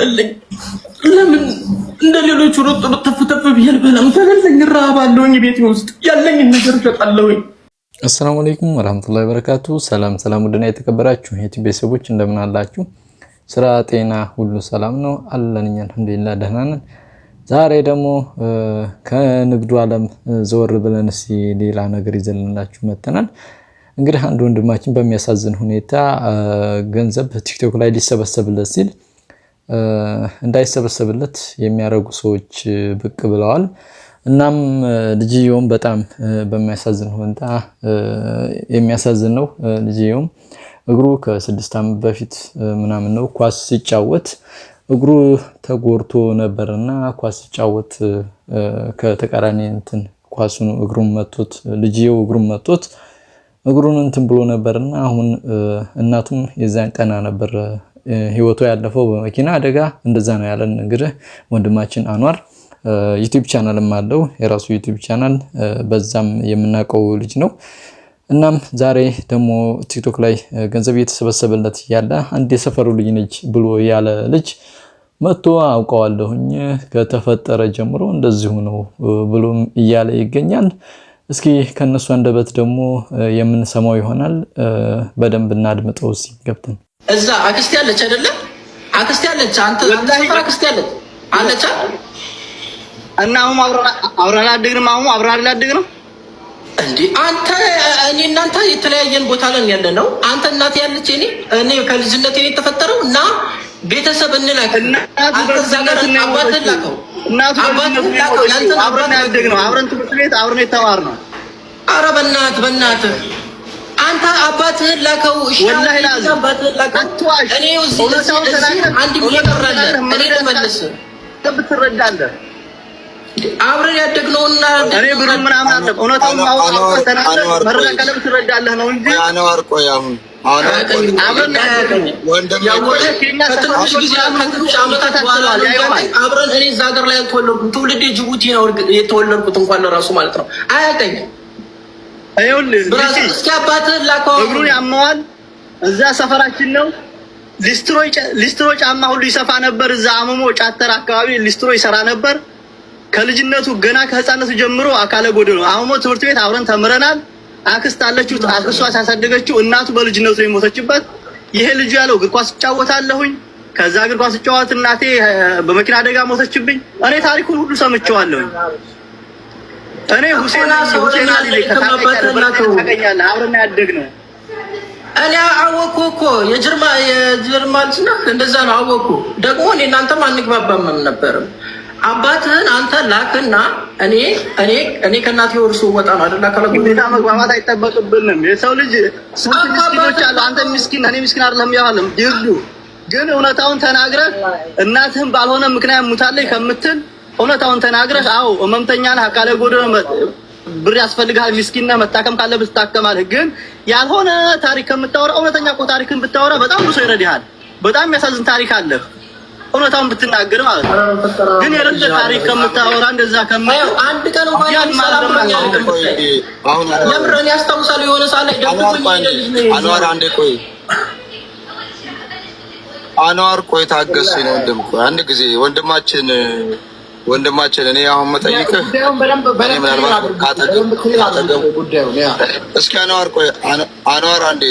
ግለጥልኝ። ለምን እንደ ሌሎቹ ሮጥ ሮጥ ተፍ ተፍ ብዬ አልበላም? ተገለኝ፣ እራባለሁኝ። ቤት ውስጥ ያለኝን ነገር እሸጣለሁኝ። አሰላሙ አለይኩም ወራህመቱላሂ ወበረካቱ። ሰላም ሰላም፣ ውድና የተከበራችሁ ቤተሰቦች እንደምን አላችሁ? ስራ፣ ጤና ሁሉ ሰላም ነው አለን። እኛ አልሐምዱሊላህ ደህና ነን። ዛሬ ደግሞ ከንግዱ ዓለም ዘወር ብለን እስኪ ሌላ ነገር ይዘንላችሁ መጥተናል። እንግዲህ አንድ ወንድማችን በሚያሳዝን ሁኔታ ገንዘብ ቲክቶክ ላይ ሊሰበሰብለት ሲል እንዳይሰበሰብለት የሚያደርጉ ሰዎች ብቅ ብለዋል። እናም ልጅየውም በጣም በሚያሳዝን ሁኔታ የሚያሳዝን ነው። ልጅየውም እግሩ ከስድስት ዓመት በፊት ምናምን ነው ኳስ ሲጫወት እግሩ ተጎርቶ ነበር እና ኳስ ሲጫወት ከተቃራኒ እንትን ኳሱን እግሩን መቶት ልጅየው እግሩን መቶት እግሩን እንትን ብሎ ነበር እና አሁን እናቱም የዛን ቀና ነበር ህይወቱ ያለፈው በመኪና አደጋ እንደዛ ነው ያለን። እንግዲህ ወንድማችን አኗር ዩቲዩብ ቻናልም አለው የራሱ ዩቲዩብ ቻናል በዛም የምናውቀው ልጅ ነው። እናም ዛሬ ደግሞ ቲክቶክ ላይ ገንዘብ እየተሰበሰበለት ያለ አንድ የሰፈሩ ልጅ ነች ብሎ ያለ ልጅ መጥቶ አውቀዋለሁኝ ከተፈጠረ ጀምሮ እንደዚሁ ነው ብሎም እያለ ይገኛል። እስኪ ከእነሱ አንደበት ደግሞ የምንሰማው ይሆናል። በደንብ እናድምጠው ገብተን እዛ አክስቴ አለች አይደለ? አክስቴ አለች። አንተ አክስቴ አለች አለች እና አሁን አብረን አላደግንም። አሁን አብረን አላደግንም እንዴ? አንተ እኔ እናንተ የተለያየን ቦታ ላይ ያለ ነው። አንተ እናት ያለች እኔ እኔ ከልጅነት እኔ የተፈጠረው እና ቤተሰብ እንላከ አንተ እዛ ጋር አባት ላከው እናቱ አባት ላከው። ያንተ አብረን ያደግነው አብረን ትምህርት ቤት አብረን የተማርነው። አረ በእናትህ በእናትህ አንተ አባትህን ላከው። እሺ ወላሂ አባትህን ላከው። እኔ አንድ አብረን ያደግነውና እኔ ብሩ ምናምን አብረን እኔ እዛ ሀገር ላይ አልተወለድኩም። ትውልዴ ጅቡቲ ነው የተወለድኩት እንኳን ለራሱ ማለት ነው አያውቀኝም እግሩን ያመዋል። እዛ ሰፈራችን ነው ሊስትሮ ጫማ ሁሉ ይሰፋ ነበር። እዛ አመሞ ጫተር አካባቢ ሊስትሮ ይሰራ ነበር። ከልጅነቱ ገና ከህፃነቱ ጀምሮ አካለ ጎደሎ ነው። አመሞ ትምህርት ቤት አብረን ተምረናል። አክስት አለችው፣ አክስቷ ያሳደገችው እናቱ በልጅነቱ ነው የሞተችበት። ይሄ ልጁ ያለው እግር ኳስ እጫወታለሁኝ። ከዛ እግር ኳስ እጫወት እናቴ በመኪና አደጋ ሞተችብኝ። እኔ ታሪኩን ሁሉ ሰምቼዋለሁኝ። እኔ ሁሴና ሁሴና አሊ ላይ ታገኛለህ። አብረን ያደግነው እኔ አወቅኩ እኮ የጀርማ የጀርማንና እንደዛ ነው አወቅኩ። ደግሞ እኔ እናንተም አንግባባም ነበርም። አባትህን አንተ ላክና እኔ እኔ እኔ ከእናቴ ወርሶ ወጣ ነው አይደል? አካለ ጉዴታ መግባባት አይጠበቅብንም። የሰው ልጅ ስንት ምስኪኖች አሉ። አንተ ምስኪን እኔ ምስኪን አይደለም ያለም ይሉ ግን እውነታውን ተናግረህ እናትህን ባልሆነ ምክንያት ሙታለች ከምትል እውነታውን ተናግረሽ አዎ ህመምተኛን አካለ ጎደሎ ብር ያስፈልግሃል፣ ምስኪና መታከም ካለብህ ትታከማለህ። ግን ያልሆነ ታሪክ ከምታወራ እውነተኛ እኮ ታሪክን ብታወራ በጣም ብዙ ይረዳሃል። በጣም የሚያሳዝን ታሪክ አለህ እውነታውን ብትናገር ማለት ነው። ግን የረዳ ታሪክ ከምታወራ እንደዛ ከመ አንድ ቀን እንኳን የምርን ያስታውሳል። የሆነ ሰዓት ላይ አንዋር አንዴ ቆይ አንዋር ቆይ ታገስ ነው ወንድም፣ አንድ ጊዜ ወንድማችን ወንድማችን እኔ አሁን መጠይቅህ እስኪ አኗር ቆይ አኗር አንዴ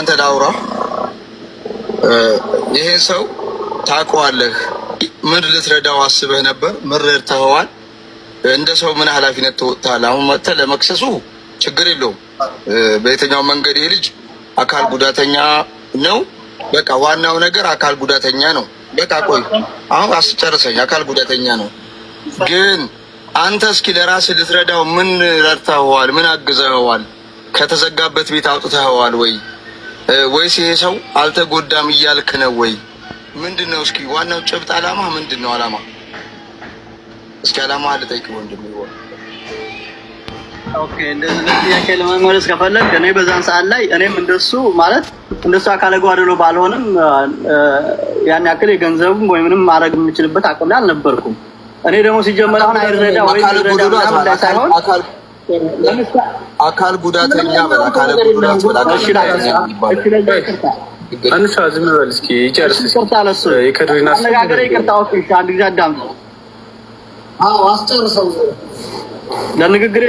አንተ ላውራ ይሄን ሰው ታውቀዋለህ ምን ልትረዳው አስበህ ነበር ምን ረድተኸዋል እንደ ሰው ምን ኃላፊነት ትወጥታል አሁን መጥተህ ለመክሰሱ ችግር የለውም በየትኛው መንገድ ይሄ ልጅ አካል ጉዳተኛ ነው በቃ ዋናው ነገር አካል ጉዳተኛ ነው። በቃ ቆይ አሁን አስጨርሰኝ። አካል ጉዳተኛ ነው ግን አንተ እስኪ ለራስህ ልትረዳው ምን ረድተኸዋል? ምን አግዘኸዋል? ከተዘጋበት ቤት አውጥተኸዋል ወይ? ወይስ ይሄ ሰው አልተጎዳም እያልክ ነው ወይ? ምንድን ነው እስኪ ዋናው ጭብጥ አላማ ምንድን ነው? አላማ እስኪ አላማ ልጠይቅ ወንድም ይሆን ኦኬ እንደዚህ ጥያቄ ለመመለስ ከፈለግ እኔ በዛን ሰዓት ላይ እኔም እንደሱ ማለት እንደሱ አካለ ጓደሎ ባልሆንም ያን ያክል የገንዘቡም ወይ ምንም ማድረግ የምችልበት አቅም አልነበርኩም። እኔ ደግሞ ሲጀመር አሁን አይረዳ ወይ ረዳ ሳይሆን አካል ጉዳተኛ ዝም በል እስኪ ይጨርስ። ይከድሪና አነጋገር ይቅርታ። አንድ ጊዜ አዳምጠው። አዎ አስጨርሰው ለንግግሬ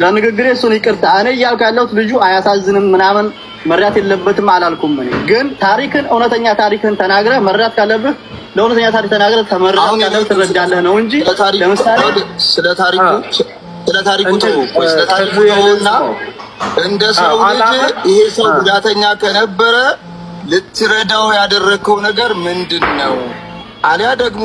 ለንግግሬ እሱን ይቅርታ። እኔ እያልኩ ያለሁት ልጁ አያሳዝንም ምናምን መርዳት የለበትም አላልኩም። እኔ ግን ታሪክን እውነተኛ ታሪክን ተናግረ መርዳት ካለብህ ለእውነተኛ ታሪክ ተናግረ ተመርዳት ካለብህ ትረዳለህ ነው እንጂ ለምሳሌ ስለ ታሪኩ ስለ ታሪኩ ስለ ታሪኩ እንደ ሰው ልጅ ይሄ ሰው ጉዳተኛ ከነበረ ልትረዳው ያደረግከው ነገር ምንድን ነው? አሊያ ደግሞ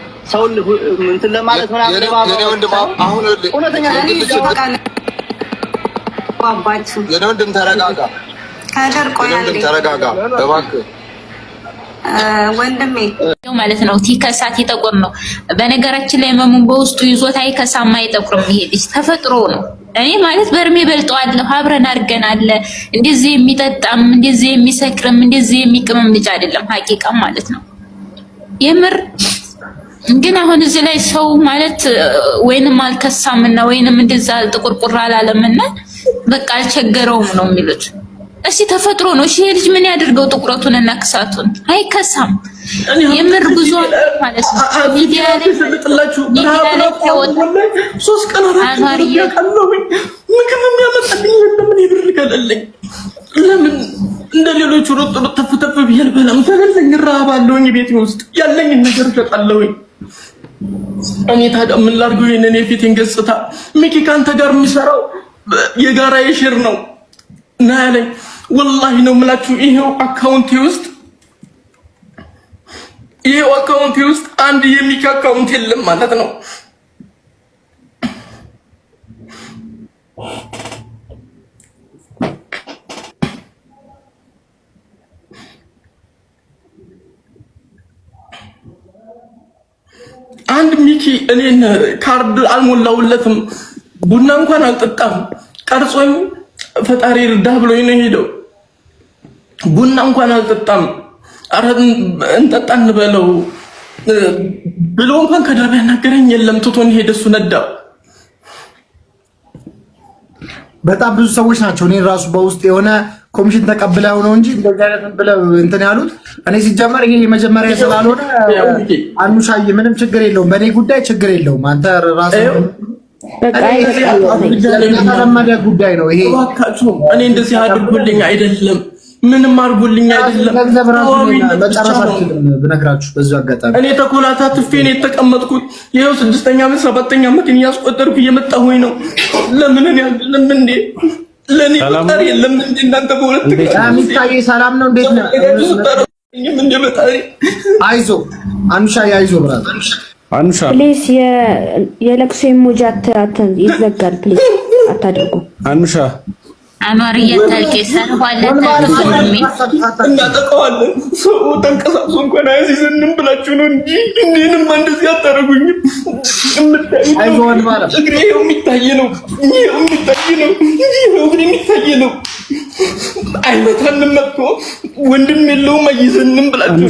ሰው እንትን ለማለት ምናምን ወንድሜ ማለት ነው። ከሳት ይጠቆም ነው። በነገራችን ላይ መሙን በውስጡ ይዞት ከሳማ አይጠቁርም። ይሄ ልጅ ተፈጥሮ ነው። እኔ ማለት በእድሜ በልጠዋለሁ፣ አብረን አድርገን አድርገናል። እንደዚህ የሚጠጣም እንደዚህ የሚሰክርም እንደዚህ የሚቅምም ልጅ አይደለም። ሀቂቃም ማለት ነው የምር ግን አሁን እዚህ ላይ ሰው ማለት ወይንም አልከሳምና ወይንም እንደዛ ጥቁርቁር አላለምና በቃ አልቸገረውም ነው የሚሉት። እስኪ ተፈጥሮ ነው። እሺ ልጅ ምን ያድርገው ጥቁረቱን እና ክሳቱን? አይከሳም። የምር ጉዞ ማለት ነው። ሚዲያ ላይ ተጥላችሁ ነው ሶስት ቀን አራት ቀን ነው ምግብ የሚያመጣልኝ ለምን ይብር ካለልኝ ለምን እንደ ሌሎቹ ሮጥ ሮጥ ተፍ ተፍ ብዬ አልበላም። ተገለኝ እራባለሁኝ። ቤት ውስጥ ያለኝን ነገር እሸጣለሁኝ። እኔ ታዲያ ምን ላድርገው? ይሄንን የፊቴን ገጽታ ሚኪ ካንተ ጋር የሚሰራው የጋራ የሽር ነው ና ያለኝ ወላሂ ነው የምላችሁ። ይሄው አካውንቴ ውስጥ ይሄው አካውንቴ ውስጥ አንድ የሚኪ አካውንት የለም ማለት ነው። ሚኪ እኔን ካርድ አልሞላውለትም፣ ቡና እንኳን አልጠጣም። ቀርጾኝ ፈጣሪ እርዳ ብሎኝ ነው ሄደው። ቡና እንኳን አልጠጣም። ኧረ እንጠጣ እንበለው ብሎ እንኳን ከደረበ ያናገረኝ የለም። ትቶን ሄደ። እሱ ነዳው። በጣም ብዙ ሰዎች ናቸው። እኔን ራሱ በውስጥ የሆነ ኮሚሽን ተቀብለው ነው እንጂ እንደዚህ አይነት ብለው እንትን ያሉት። እኔ ሲጀመር ይሄ የመጀመሪያ ስላልሆነ አንሻይ ምንም ችግር የለውም፣ በእኔ ጉዳይ ችግር የለውም። አንተ ራስህ የተለመደ ጉዳይ ነው ይሄ። እኔ እንደዚህ አድርጉልኝ አይደለም ምንም አድርጉልኝ አይደለም። ገንዘብ ብነግራችሁ በዚሁ አጋጣሚ እኔ ተኮላታ ትፌን የተቀመጥኩት። ይኸው ስድስተኛ ዓመት ሰባተኛ ዓመት እያስቆጠርኩ እየመጣሁኝ ነው። ለምን ለምን እንዴ ለኔ ሰላም ነው? እንዴት ነው? አይዞ አንሻ አይዞ ብራ አንሻ ፕሊዝ። የለቅሶ ኢሞጂ ይዘጋል። ፕሊዝ አታድርጉ አንሻ አማር እያታልቄ ሰርኋለት እናጠቀዋለን። ሰው ተንቀሳቅሶ እንኳን አያሲዘንም ብላችሁ ነው እንጂ እኔንም እንደዚህ አታደርጉኝም። እግሬ ይኸው የሚታይ ነው፣ ይኸው የሚታይ ነው፣ ይኸው እግሬ የሚታይ ነው። አይመታንም መጥቶ ወንድም የለውም አይዘንም ብላችሁ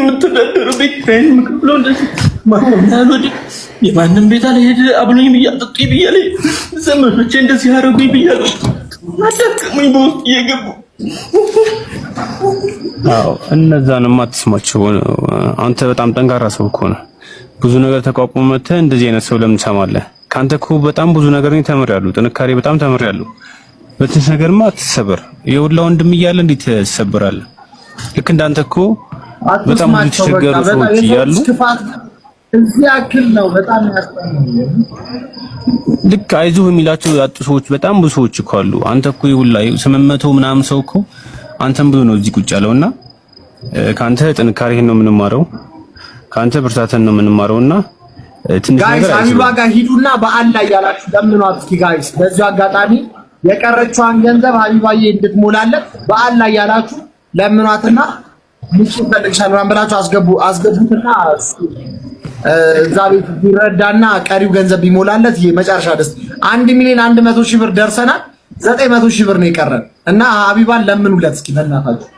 የምትዳደሩት ኪራይ የምከፍለው እንደዚህ የማንም ቤት አልሄድም አብሎኝ ብያለሁ፣ አጠጡኝ ዘመዶቼ እንደዚህ አደረጉኝ ብያለሁ። አዳከሙኝ በውስጥ እየገቡ አዎ፣ እነዛን የማትስማቸው አንተ በጣም ጠንካራ ሰው እኮ ነው። ብዙ ነገር ተቋቁሞ መተህ እንደዚህ አይነት ሰው ለምን ትሰማለህ? ከአንተ እኮ በጣም ብዙ ነገር ነው ተምሬያለሁ፣ ጥንካሬ በጣም ተምሬያለሁ። በትንሽ ነገርማ አትሰበር። የሁላ ወንድም እያለ እንዴት ትሰበራለህ? ልክ እንዳንተ እኮ በጣም ብዙ የተቸገሩ ሰዎች እያሉ እዚህ ያክል ነው። በጣም ያስጠላል። ልክ አይዞህ የሚላቸው ያጡ ሰዎች በጣም ብዙ ሰዎች እኮ አሉ። አንተ እኮ ይውላ መቶ ምናምን ሰው እኮ አንተም ብዙ ነው እዚህ ቁጭ ያለውና ከአንተ ጥንካሬህን ነው የምንማረው፣ ከአንተ ብርታትህን ነው የምንማረውና ትንሽ ጋይስ አቢባ ጋር ሂዱና በዓል ላይ ያላችሁ ለምኗት እስኪ ጋይስ። በዚሁ አጋጣሚ የቀረችዋን ገንዘብ ሀቢባዬ እንድትሞላለት በዓል ላይ ያላችሁ ለምኗትና ምንጭ ፈልግሻል ምናምን ብላችሁ አስገቡ አስገቡትና እዛ ቤት ቢረዳና ቀሪው ገንዘብ ቢሞላለት የመጨረሻ ደስ አንድ ሚሊዮን አንድ መቶ ሺህ ብር ደርሰናል። ዘጠኝ መቶ ሺህ ብር ነው የቀረን እና ሀቢባን ለምኑለት እስኪ በእናታችሁ